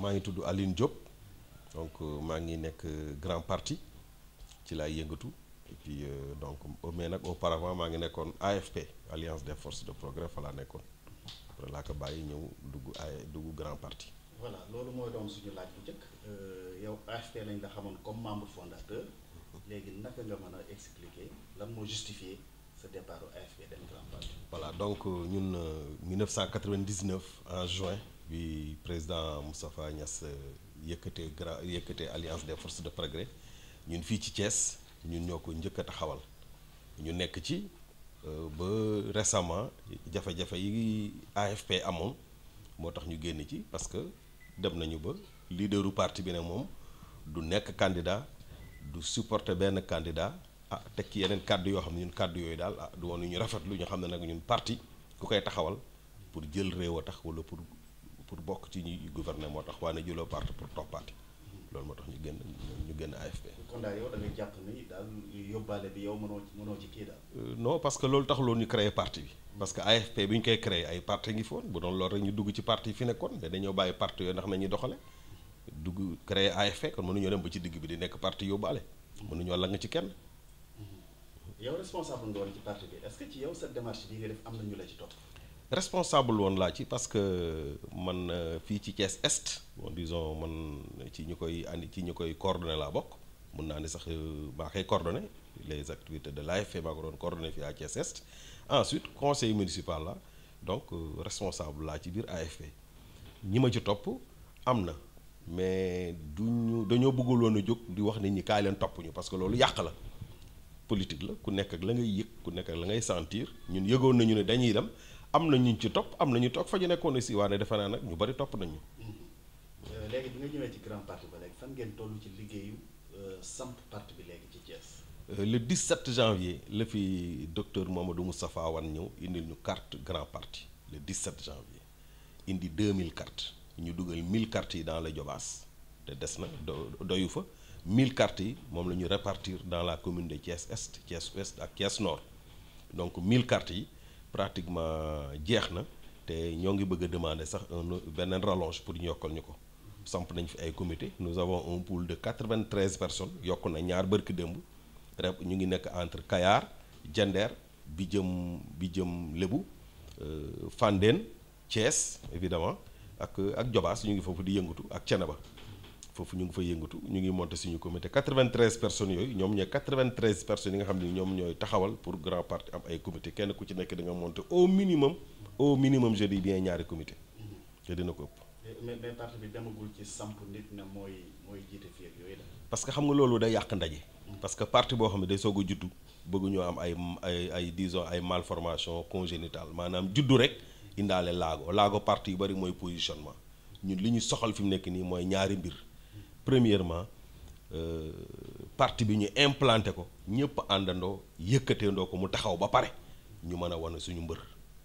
maa ngi tudd Aline Diop donc euh, maa ngi nekk euh, grand parti ci laay yëngatu et puis euh, donc mais nag auparavant maa ngi nekkoon AFP alliance des force de progrès fa laa nekkoon après laa ko bàyyi ñëw dugg ay dugg grand parti. voilà loolu mooy doon suñu laaj bu njëkk yow AFP lañ la xamoon comme membre fondateur mhm. léegi naka nga mën a expliquer lan moo justifier sa départ AFP dem grand parti. voilà donc ñun 1999 en juin. bi président Moustapha Niass euh, yëkkatee grand yëkkatee alliance des forces de progrès ñun fii ci cees ñun ñoo ko njëkk taxawal ñu nekk ci euh, ba récemment jafe-jafe yi AFP amoon moo tax ñu génn ci parce que dem nañu ba leaderu parti bi ne moom du nekk candidat du supporter benn candidat ah teg ci yeneen kàddu yoo xam ne ñun kàddu yooyu daal ah du woon ñu rafet lu ñu xam ne nag ñun parti ku koy taxawal pour jël réew a tax wala pour. pour bokk ci ñuy gouverner moo tax waaye na jëloo parti pour toppaati loolu moo tax ñu génn ñu génn AFP. kon daal yow da ngay jàpp ni daal bi yow mënoo ci mënoo ci kii daal. Euh, non parce que loolu taxuloon ñu créer parti bi. parce que AFP bi ñu koy créer ay parti ngi ñu dugg ci parti fi nekkoon mais dañoo bàyyi parti yooyu ndax nañuy doxale dugg créer AFP kon mënuñoo dem ba ci digg bi di nekk parti yóbbaale. mënuñoo lang ci kenn. yow responsable nga woon ci parti bi est-ce que ci yow sa démarche bi nga def am na ñu la ci topp. responsable woon laa ci parce que man euh, fii ci Thiès Est bon disons man ci ñu koy andi ci ñu koy coordonné laa bokk mun naa ne sax euh, maa koy coordonné les activités de l'AFP maa ko doon coordonné fii à Thiès Est ensuite conseil municipal la donc euh, responsable laa ci biir AFP ñi ma ci topp am na mais duñu dañoo bëggul woon a jóg di wax nit ñi kaay leen topp ñu parce que loolu yàq la politique la ku nekk ak la ngay yëg ku nekk ak la ngay sentir ñun yëgoon nañu ne dañuy dem am na ñu ci topp am na ñu toog fa ñu nekkoon aussi waane defe naa nag ñu bari topp nañu euh, léegi bi nga ñëwee ci grand parti ba léegi fan ngeen toll ci liggéeyu euh, samp parti bi léegi ci Thiès. Euh, le 17 janvier la fi docteur Mamadou Moustapha Wane ñëw indil ñu carte grand parti le 17 janvier indi mille cartes ñu dugal mille cartes yi dans le Diobass te des na doyu fa mille cartes yi moom la ñu répartir dans la commune de Thiès Est Thiès Ouest ak Thiès Nord donc mille cartes yi. pratiquement jeex na te ñoo ngi bëgg a demander sax un beneen rallonge pour ñu yokkal ñu ko samp nañ fi ay comité nous avons un pool de 93 personnes yokk na ñaar bërki démb rek ñu ngi nekk entre Kayar Diender bi jëm bi jëm Lébu euh, Fandène cees évidemment ak ak Jobaas ñu ngi foofu di yëngatu ak Ceneba foofu ñu ngi fa yëngatu ñu ngi monté suñu comité 93 personnes yooyu ñoom ñooy 93 personnes yi nga xam ne ñoom ñooy taxawal pour grand parti am ay comité kenn ku ci nekk da nga monté au minimum au minimum je dis ko ëpp. demagul ci samp nit na mooy mooy jiite fii yooyu la. parce que xam nga loolu day yàq ndaje. parce que parti boo xam ne day soog a juddu bëgg ñoo am ay ay ay disons ay malformation congénitale maanaam juddu rek indaale laago laago parti yu bari mooy positionnement ñun li ñu soxal fi mu nekk nii mooy ñaari mbir. premièrement euh, parti bi ñu implanté ko ñëpp àndandoo yëkkateendoo ko mu taxaw ba pare ñu man a wane suñu mbër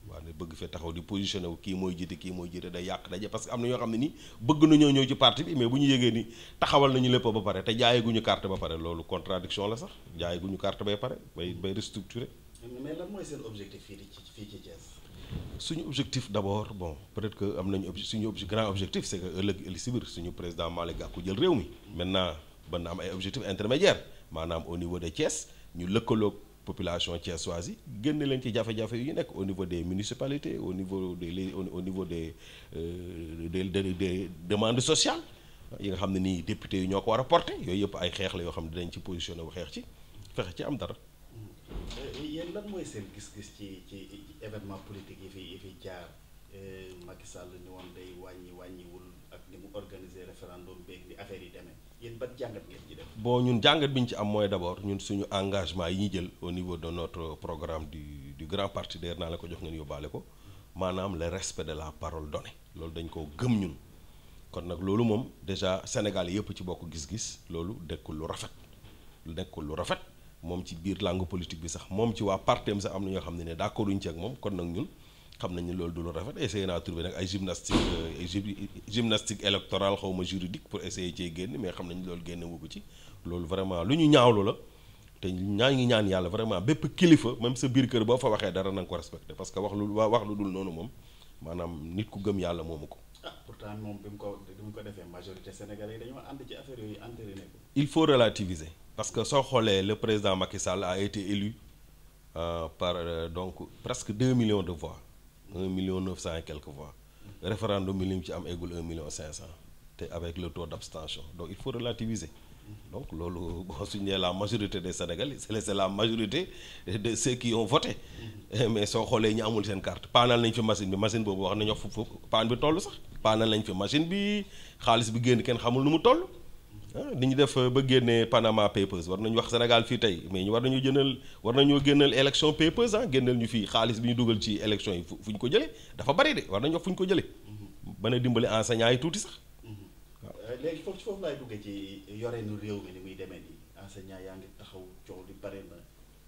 waaw ne bëgg fee taxaw di positionné wu kii mooy jiite kii mooy jiite day yàq daje parce que am na ñoo xam ne nii bëgg nañoo ñëw ci parti bi mais bu ñu yégee ni taxawal nañu lépp ba pare te jaayaguñu carte ba pare loolu contradiction la sax jaayeguñu carte bay pare bay bay restructuré mais lan mooy seen objectif fii ci fii ci Thiès. suñu objectif d' abord bon peut-être que am nañu suñu grand objectif c' est que ëllëg ëllëg si biir suñu président Malick Gakou jël réew mi. maintenant ban na am ay objectifs intermédiaires maanaam au niveau de Thiès ñu lëkkaloog. population thiessoise yi génne leen ci jafe-jafe yu ñu nekk au niveau des municipalités au niveau des au niveau euh, des des des demandes sociales yi nga xam ne nii député yi ñoo ko war a porté yooyu yëpp ay xeex la yoo xam ne dinañ ci positionné wu xeex ci fexe ci am dara. lan mooy seen gis-gis ci ci événement politique yi fi yi fi jaar euh, Macky Sall ñu woon day wàññi wàññiwul ak ni mu organiser référendum beeg ni affaire yi demee yéen ban jàngat ngeen ci def. bon ñun jàngat bi ñu ci am mooy d'abord ñun suñu engagement yi ñu jël au niveau de notre programme du du grand parti d'ailleurs naa la ko jox ngeen yóbbaale ko maanaam le respect de la parole donnée loolu dañ ko gëm ñun kon nag loolu moom déjà Sénégal yëpp ci bokk gis-gis loolu dekkul lu rafet dekkul lu rafet. moom ci biir langue politique bi sax moom ci waa partem sax am na ñoo xam ne ne d'accord duñ ci ak moom kon nag ñun xam nañ loolu du lu rafet essayé naa trouver nag ay gymnastique euh, ay gymnastique xaw ma juridique pour essayer cee génn mais xam nañ loolu génn wu ci loolu vraiment lu ñu ñaawlu la te ñaa ngi ñaan yàlla vraiment bépp kilifa même sa biir kër boo fa waxee dara na nga ko respecté parce que wax lu wax lu dul noonu moom maanaam nit ku gëm yàlla moomu ko. ah moom ko bi ko defee majorité sénégalais yi dañoo ànd ci affaire yooyu entraîné ko. il faut relativiser. parce que soo xoolee le président Macky Sall a été élu euh, par euh, donc presque deux millions de voix un million neuf cent et quelques voix référendum bi li mu ci am eggul un million cinq cent te avec le taux d'abstention donc il faut relativiser donc loolu boo suñu nee la majorité des Sénégalais c'est la majorité de ceux qui ont voté eh, mais soo xoolee ñu amul seen carte paanal nañ fi machine bi machine boobu wax nañu wax fu paan bi toll sax paanal nañ fi machine bi xaalis bi génn kenn xamul nu mu toll Ah, li ñu def euh, ba génnee Panama Papers war nañu wax Sénégal fii tey mais ñu war nañu jëndal war nañoo génnal élection Papers ah génnal ñu fii xaalis bi ñu dugal ci élection yi fu ñu ko jëlee dafa bari de war nañu wax fu ñu ko jëlee. ba na dimbali enseignants yi tuuti sax. waaw euh, léegi foofu foofu laay duggee ci yoreenu réew mi ni muy demee nii enseignants yaa ngi taxaw coow li bare na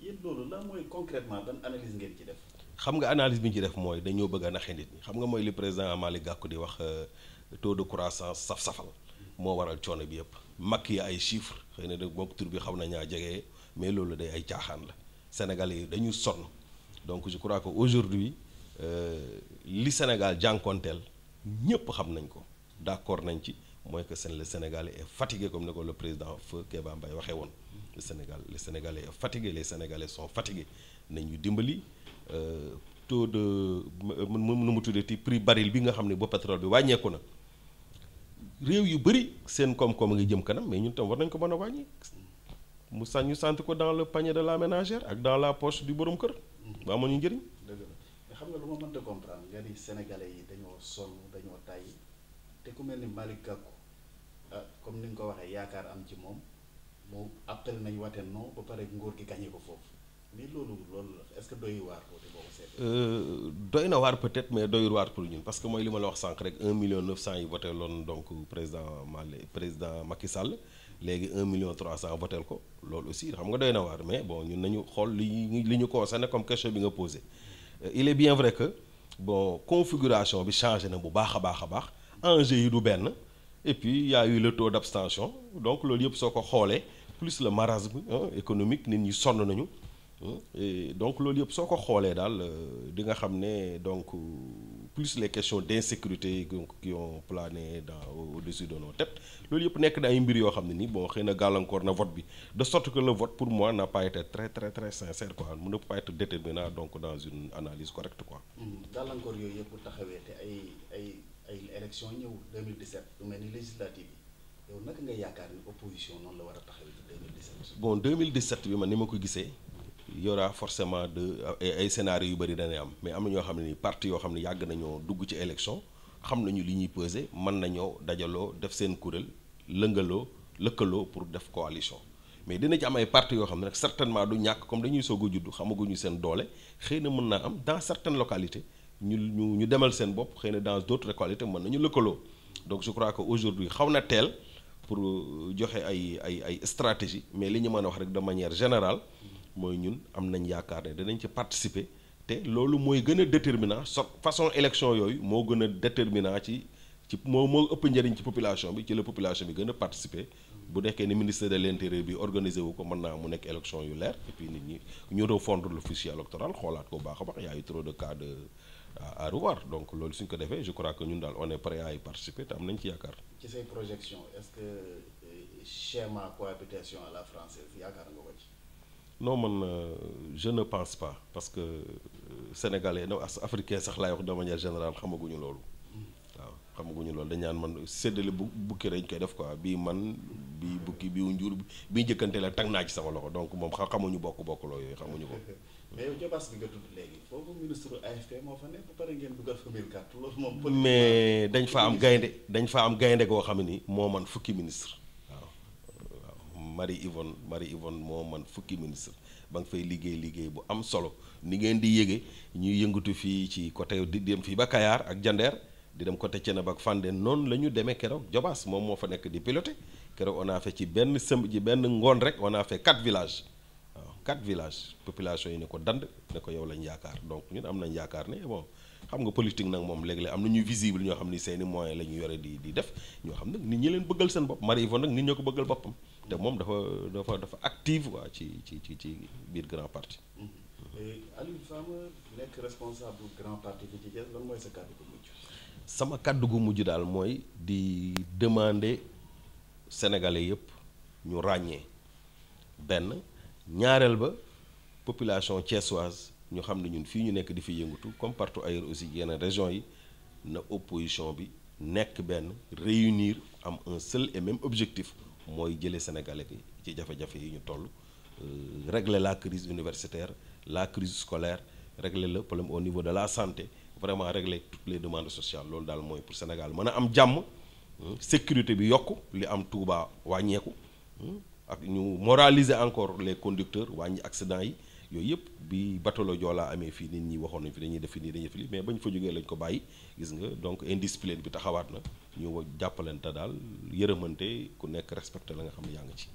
yéen loolu lan mooy concrètement ban analyse ngeen ci def. xam nga analyse bi ñu ci def mooy dañoo bëgg a naxe xam nga mooy li président Malick Gakou di wax euh, taux de croissance saf-safal moo waral coono bi yëpp. yi ay chiffres xëy na de bokk bi xaw na ñaa jege mais loolu day ay caaxaan la sénégal yi dañu sonn donc je crois que aujourd'hui euh, li Sénégal jànkonteel ñëpp xam nañ ko d'accord nañ ci mooy que seen le Sénégalais comme ni ko le président feu Kéba Mbaye waxee woon le Sénégal le Sénégalais est fatigué les Sénégalais sont fatigués nañu dimbali euh, taux de nu mu tuddati prix baril bi nga xam ne ba pétrole bi wàññeeku na réew yu bëri seen koom-koom a ngi jëm kanam mais ñun tam war nañ ko man a wàññi mu sañ ñu sant ko dans le panier de la ménagère ak dans la poche du borom kër. ba amoon ñu njëriñ. dëgg la xam nga lu ma mënta comprendre nga ni sénégalais yi dañoo sol dañoo tàyyi te ku mel ni Malick Gakou ah comme ni nga ko waxee yaakaar am ci moom mu appel nañ wate non ba pare nguur gi gañe ko foofu. mais loolu loolu est-ce que doy waar côté boobu euh, doy na waar peut-être mais doyul waar pour ñun parce que mooy li ma la wax sànq rek 1 million 900 yi voté loon donc président Mali président Macky Sall léegi un million cent voteel ko loolu aussi xam nga doy na waar mais bon ñun nañu xool li ñu li ñu concerné comme question bi nga posé. Euh, il est bien vrai que bon configuration bi changé na bu baax a baax a baax enjeu yi du benn et puis y a eu le taux d'abstention donc loolu yëpp soo ko xoolee plus le marasme économique nit ñi sonn nañu. Hmm? donc loolu yëpp soo ko xoolee daal euh, di nga xam ne donc euh, plus les questions d'insécurité qui ont plané dans au-dessus de nos têtes loolu yëpp nekk na ay mbir yoo xam ne nii boo xëy na gàllankoor na vote bi de sorte que le vote pour moi n'a pas été très très très sincère quoi ne peut pas être déterminant donc dans une analyse correcte quoi. Hmm. gàllankoor yooyu yëpp taxawee te ay ay ay élections ñëw 2017 lu mel ni yi yow naka nga yaakaar ni opposition noonu la war a taxawee ci 2017. bon 2017 bi man ni ma ko gisee. y aura forcément de ay scénario yu bëri danay am mais am na ñoo xam ne nii parti yoo xam ne yàgg nañoo dugg ci élection xam nañu li ñuy peser mën nañoo dajaloo def seen kuréel lëngaloo lëkkaloo pour def coalition mais dina ci am ay parti yoo xam ne nag certainement du ñàkk comme dañuy soog a judd xamaguñu seen doole xëy na mën naa am dans certaines localité ñu ñu ñu demal seen bopp xëy na dans d'autres localités mën nañu lëkkaloo donc je crois que aujourd'hui xaw na teel pour euh, joxe ay ay ay stratégie mais li ñu mën a wax rek de manière générale mooy ñun am nañ yaakaar ne danañ ci participer te loolu mooy gën a déterminant so façon élection yooyu moo gën a déterminant ci ci moo moo ëpp njëriñ ci population bi ci la population bi gën a participer bu nekkee ni ministère de l'intérieur bi organisé wu ko mën naa mu nekk élection yu leer et puis nit ñi ñu refondre le fichier électoral xoolaat ko baax a baax y a eu trop de cas de à donc loolu suñ ko defee je crois que ñun daal on est prêt à y participer te am nañ ci yaakaar. ci say est que euh, schéma cohabitation la française yaakaar ci. non man euh, je ne pense pas parce que euh, sénégalais na as africain sax laay wax de manière générale xamaguñu loolu waaw xamaguñu loolu dañ naan man séddale bu bukki dañ koy def quoi bii man bii bukki bii njur bii njëkkante la tag naa ci sama loxo donc moom xamuñu bokk-bokk loo yooyu xamuñu ko. mais yow Jobaas bi nga tudd moo fa nekk ba pare ngeen dugal fa biir kàtt loolu dañ fa am gaynde dañ fa am gaynde goo xam ni moo man fukki ministre. Marie Yvonne Marie Yvonne moo man fukki ministre ba nga fay liggéey liggéey bu am solo ni ngeen di yége ñuy yëngatu fii ci côté di dem fii ba kayaar ak Jandeer di dem côté Thiénaba ak Fandène noonu la ñu demee keroog Jobaas moom moo fa nekk di piloté keroog on a fait ci benn sëmb ci benn ngoon rek on a fait quatre villages waaw quatre villages population yi ne ko dand ne ko yow lañ yaakaar donc ñun am nañ yaakaar ne bon xam nga politique nag moom léeg-léeg am na ñuy visible ñoo xam la ñu yore di di ñoo xam nag nit ñi leen bëggal seen bopp Marie Yvonne nag nit ko bëggal boppam te moom dafa dafa dafa active waa ci ci ci ci biir grand parti. Mm-hmm. nekk responsable grand parti bi ci Thiès lan mooy sa kàddu mujj. sama kàddu gu mujj daal mooy di demander sénégalais yëpp ñu ràññee benn ñaareel ba population thiessoise ñu xam ne ñun fii ñu nekk di fi yëngatu comme partout ailleurs aussi yeneen région yi na opposition bi nekk benn réunir am un seul et même objectif. mooy jëlee sénégalais bi ci jafe-jafe yi ñu toll euh, régler la crise universitaire la crise scolaire régler le problème au niveau de la santé vraiment régler toutes les demandes sociales loolu daal mooy pour Sénégal mën a am jàmm hmm, sécurité bi yokk li am Touba wàññeeku hmm, ak ñu moraliser encore les conducteurs wàññi accident yi yooyu yëpp bi batalo Joola amee fii nit ñi waxoon nañ fi dañuy def nii dañuy def lii mais bañ fa jógee lañ ko bàyyi gis nga donc indiscipline bi taxawaat na ñu jàppalante daal yërëmante ku nekk respecté la nga xam ne yaa ngi ci.